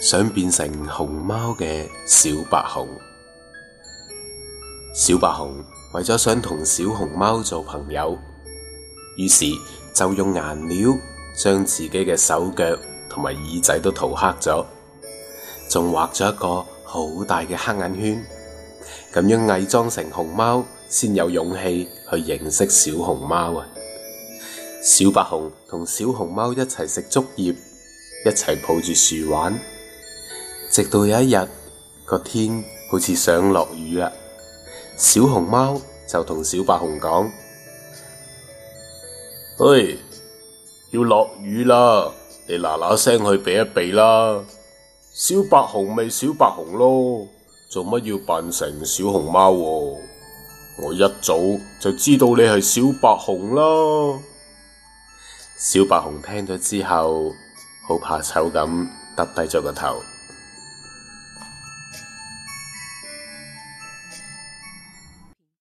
想變成熊貓嘅小白熊，小白熊為咗想同小熊貓做朋友，於是就用顏料將自己嘅手腳同埋耳仔都塗黑咗，仲畫咗一個好大嘅黑眼圈，咁樣偽裝成熊貓先有勇氣去認識小熊貓啊！小白熊同小熊貓一齊食竹葉，一齊抱住樹玩。直到有一日個天好似想落雨啦，小熊貓就同小白熊講：喂，要落雨啦，你嗱嗱聲去避一避啦。小白熊咪小白熊咯，做乜要扮成小熊貓？我一早就知道你係小白熊啦。小白熊聽咗之後，好怕醜咁，耷低咗個頭。